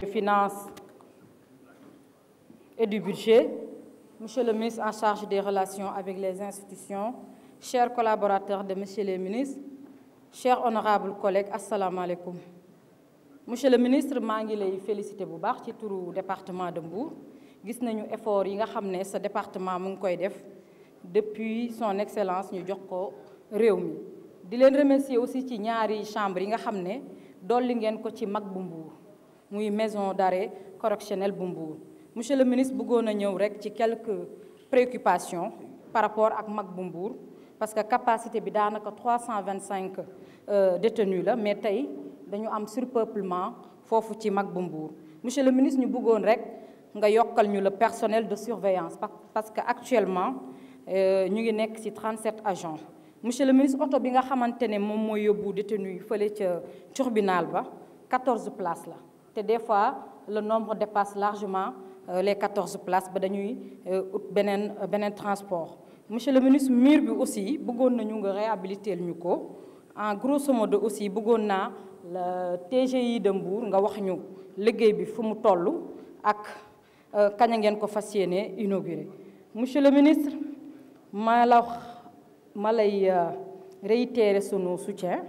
de Finances et du Budget, Monsieur le ministre en charge des relations avec les institutions, chers collaborateurs de Monsieur le ministre, chers honorables collègues, assalamu alaikum. Monsieur le ministre je vous vous félicité bu département de Mbour qui nañu effort yi nga département mu fait depuis son excellence ñu jox Je remercie remercier aussi ci ñaari chambre yi nga de ne ko une maison d'arrêt correctionnel Bumbour. monsieur le ministre nous a quelques préoccupations par rapport à mag parce que euh, la capacité est de 325 détenus là, mais nous avons un surpeuplement pour ci mag monsieur le ministre nous avons rek nga le personnel de surveillance parce qu'actuellement, nous euh, ñu ngi 37 agents monsieur le ministre nous bi nga xamantene mom moy mooy détenu yi ci tribunal ba 14 places là. Et des fois le nombre dépasse largement euh, les 14 places de dañuy euh, ut euh, transport monsieur le ministre mur aussi nous réhabiliter en grosso modo aussi bëggoon le TGI de Mbour nga wax ñu liggéey bi et ak monsieur le ministre je vais réitérer son soutien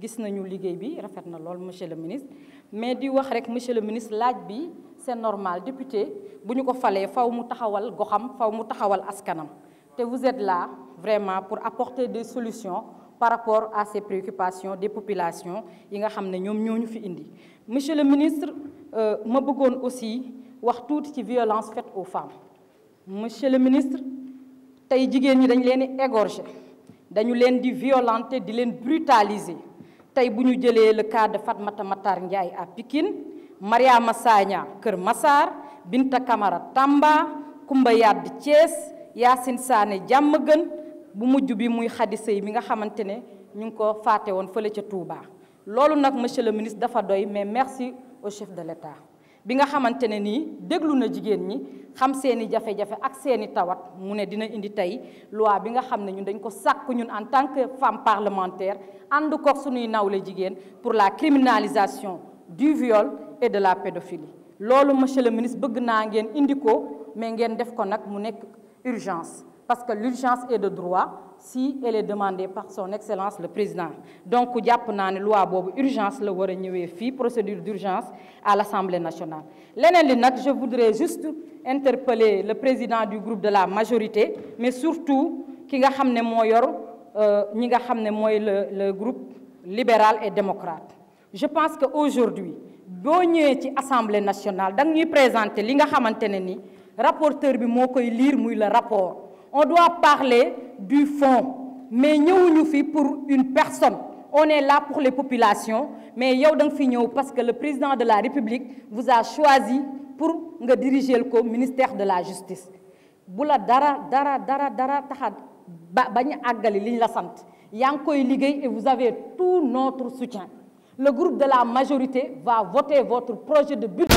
gis nañu liggéey bi rafet na lool monsieur le ministre mais di wax rek monsieur le ministre laaj bi c'est normal député buñu ko falee faw mu taxawal goxam faw mu taxawal askanam te vous êtes là vraiment pour apporter des solutions par rapport à ces préoccupations des populations yi nga xam ne ñoom ñoo fi indi. monsieur le ministre euh, ma bëggoon aussi wax tuuti ci violence faite aux femmes monsieur le ministre tey jigéen ñi dañ leen di égorger dañu leen di violenter di leen brutaliser. tey bu ñu jëlee le cas de Fatmata Matar Ndiaye à Pikine Mariama Sagna Kër Massar Binta kamara Tamba Kumba Yadd Thiès saane jàmm Diamaguène bu mujj bi muy Khady Seye mi nga xamante ne ñu ngi ko faate woon fële ca Touba loolu nag monsieur le ministre dafa doy mais merci au chef de l'État bi nga xamante ne nii déglu na jigéen ñi xam seen i jafe-jafe ak seen i tawat mu ne dina indi tey loi bi nga xam ne ñun dañ ko sàkk ñun en tant que femme parlementaire ànd koog suñuy nawle jigéen pour la criminalisation du viol et de la pédophilie loolu monsieur le ministre bëgg naa ngeen indi ko mais ngeen def ko nag mu nekk urgence, parce que l'urgence est de droit si elle est demandée par son excellence le président donc y a une loi d'urgence urgence procédure d'urgence à l'Assemblée nationale je voudrais juste interpeller le président du groupe de la majorité mais surtout euh, le groupe libéral et démocrate je pense qu'aujourd'hui, aujourd'hui boo ñëwee ci Assemblée nationale da ñuy présenter rapporteur bi mokoy lire le rapport on doit parler du fond mais nous fi pour une personne on est là pour les populations mais yow dang fi parce que le président de la république vous a choisi pour nga diriger le ministère de la justice bula dara dara dara dara la et vous avez tout notre soutien le groupe de la majorité va voter votre projet de budget